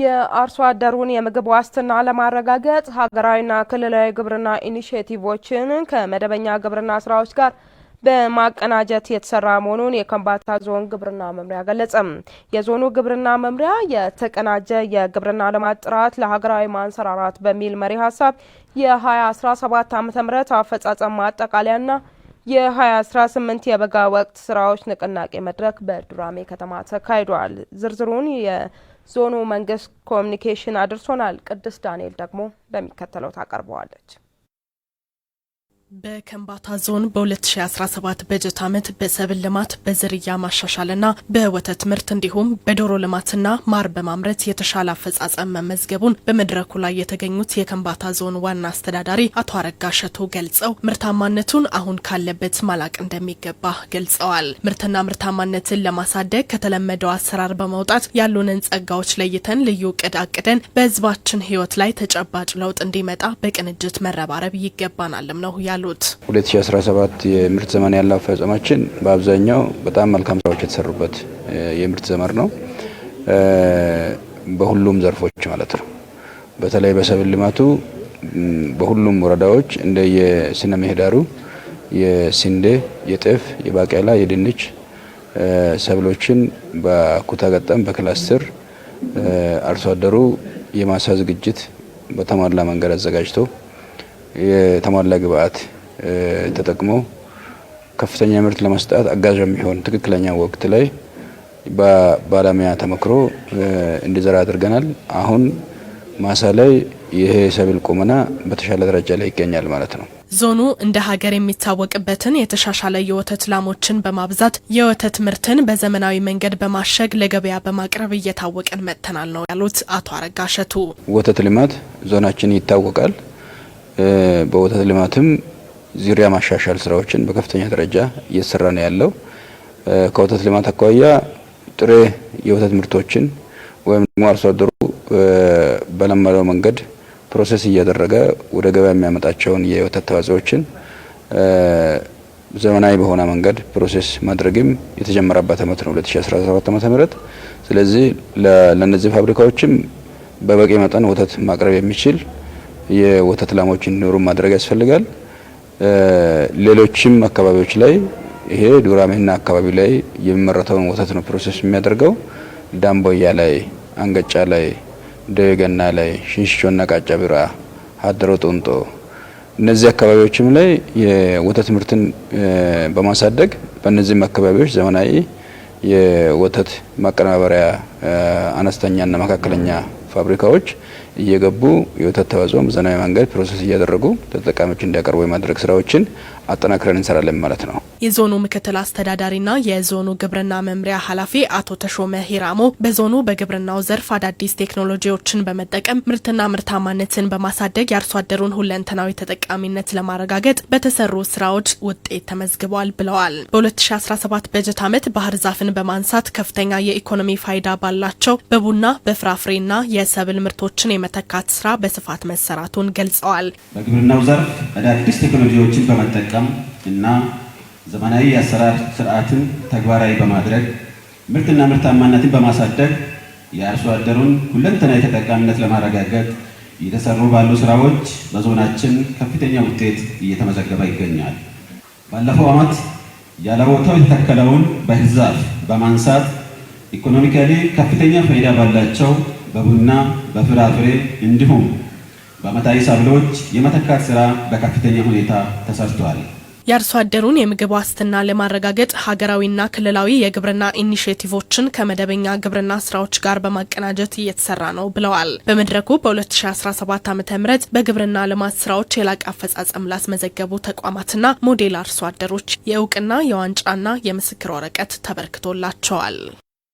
የአርሶ አደሩን የምግብ ዋስትና ለማረጋገጥ ሀገራዊና ክልላዊ ግብርና ኢኒሽቲቮችን ከመደበኛ ግብርና ስራዎች ጋር በማቀናጀት የተሰራ መሆኑን የከምባታ ዞን ግብርና መምሪያ ገለጸም። የዞኑ ግብርና መምሪያ የተቀናጀ የግብርና ልማት ጥራት ለሀገራዊ ማንሰራራት በሚል መሪ ሀሳብ የ2017 ዓ ም አፈጻጸም ማጠቃለያና የ2018 የበጋ ወቅት ስራዎች ንቅናቄ መድረክ በዱራሜ ከተማ ተካሂዷል። ዝርዝሩን ዞኑ መንግስት ኮሚኒኬሽን አድርሶናል። ቅድስት ዳንኤል ደግሞ እንደሚከተለው ታቀርበዋለች። በከምባታ ዞን በ2017 በጀት ዓመት በሰብል ልማት በዝርያ ማሻሻልና በወተት ምርት እንዲሁም በዶሮ ልማትና ማር በማምረት የተሻለ አፈጻጸም መመዝገቡን በመድረኩ ላይ የተገኙት የከምባታ ዞን ዋና አስተዳዳሪ አቶ አረጋ ሸቶ ገልጸው ምርታማነቱን አሁን ካለበት ማላቅ እንደሚገባ ገልጸዋል። ምርትና ምርታማነትን ለማሳደግ ከተለመደው አሰራር በመውጣት ያሉንን ጸጋዎች ለይተን ልዩ እቅድ አቅደን ህይወት ላይ ተጨባጭ ለውጥ እንዲመጣ በቅንጅት መረባረብ ይገባናልም ነው ያሉ ያሉት። 2017 የምርት ዘመን ያለ አፈጻጸማችን በአብዛኛው በጣም መልካም ስራዎች የተሰሩበት የምርት ዘመን ነው፣ በሁሉም ዘርፎች ማለት ነው። በተለይ በሰብል ልማቱ በሁሉም ወረዳዎች እንደ የስነ ምህዳሩ የስንዴ፣ የጤፍ፣ የባቄላ፣ የድንች ሰብሎችን በኩታ ገጠም በክላስተር አርሶ አደሩ የማሳ ዝግጅት በተሟላ መንገድ አዘጋጅቶ የተሟላ ግብአት ተጠቅሞ ከፍተኛ ምርት ለመስጠት አጋዥ የሚሆን ትክክለኛ ወቅት ላይ በባለሙያ ተመክሮ እንዲዘራ አድርገናል። አሁን ማሳ ላይ ይሄ ሰብል ቁመና በተሻለ ደረጃ ላይ ይገኛል ማለት ነው። ዞኑ እንደ ሀገር የሚታወቅበትን የተሻሻለ የወተት ላሞችን በማብዛት የወተት ምርትን በዘመናዊ መንገድ በማሸግ ለገበያ በማቅረብ እየታወቀን መጥተናል ነው ያሉት አቶ አረጋ ሸቱ። ወተት ልማት ዞናችን ይታወቃል። በወተት ልማትም ዙሪያ ማሻሻል ስራዎችን በከፍተኛ ደረጃ እየተሰራ ነው ያለው። ከወተት ልማት አኳያ ጥሬ የወተት ምርቶችን ወይም ደግሞ አርሶ አደሩ በለመደው መንገድ ፕሮሰስ እያደረገ ወደ ገበያ የሚያመጣቸውን የወተት ተዋጽኦችን ዘመናዊ በሆነ መንገድ ፕሮሴስ ማድረግም የተጀመረበት ዓመት ነው 2017 ዓ ም ስለዚህ ለነዚህ ፋብሪካዎችም በበቂ መጠን ወተት ማቅረብ የሚችል የወተት ላሞች እንዲኖሩ ማድረግ ያስፈልጋል። ሌሎችም አካባቢዎች ላይ ይሄ ዱራሜና አካባቢ ላይ የሚመረተውን ወተት ነው ፕሮሰስ የሚያደርገው። ዳምቦያ ላይ፣ አንገጫ ላይ፣ ደገና ላይ፣ ሽንሽቾና ቃጫ ቢራ፣ ሀደሮ ጦንጦ እነዚህ አካባቢዎችም ላይ የወተት ምርትን በማሳደግ በእነዚህም አካባቢዎች ዘመናዊ የወተት ማቀነባበሪያ አነስተኛና መካከለኛ ፋብሪካዎች እየገቡ የወተት ተዋጽኦ ዘመናዊ መንገድ ፕሮሰስ እያደረጉ ተጠቃሚዎች እንዲያቀርቡ የማድረግ ስራዎችን አጠናክረን እንሰራለን ማለት ነው። የዞኑ ምክትል አስተዳዳሪና የዞኑ ግብርና መምሪያ ኃላፊ አቶ ተሾመ ሂራሞ በዞኑ በግብርናው ዘርፍ አዳዲስ ቴክኖሎጂዎችን በመጠቀም ምርትና ምርታማነትን በማሳደግ የአርሶ አደሩን ሁለንተናዊ ተጠቃሚነት ለማረጋገጥ በተሰሩ ስራዎች ውጤት ተመዝግቧል ብለዋል። በ2017 በጀት ዓመት ባህር ዛፍን በማንሳት ከፍተኛ የኢኮኖሚ ፋይዳ ባላቸው በቡና በፍራፍሬና የሰብል ምርቶችን የመተካት ስራ በስፋት መሰራቱን ገልጸዋል። በግብርናው ዘርፍ አዳዲስ ቴክኖሎጂዎችን በመጠቀም እና ዘመናዊ የአሰራር ስርዓትን ተግባራዊ በማድረግ ምርትና ምርታማነትን በማሳደግ የአርሶ አደሩን ሁለንተናዊ ተጠቃሚነት ለማረጋገጥ እየተሰሩ ባሉ ስራዎች በዞናችን ከፍተኛ ውጤት እየተመዘገበ ይገኛል። ባለፈው ዓመት ያለቦታው የተተከለውን በህዛፍ በማንሳት ኢኮኖሚካሊ ከፍተኛ ፋይዳ ባላቸው በቡና በፍራፍሬ እንዲሁም በመታይ ሰብሎች የመተካት ስራ በከፍተኛ ሁኔታ ተሰርቷል። የአርሶ አደሩን የምግብ ዋስትና ለማረጋገጥ ሀገራዊና ክልላዊ የግብርና ኢኒሽቲቮችን ከመደበኛ ግብርና ስራዎች ጋር በማቀናጀት እየተሰራ ነው ብለዋል። በመድረኩ በ2017 ዓ ም በግብርና ልማት ስራዎች የላቀ አፈጻጸም ላስመዘገቡ ተቋማትና ሞዴል አርሶ አደሮች የእውቅና የዋንጫና የምስክር ወረቀት ተበርክቶላቸዋል።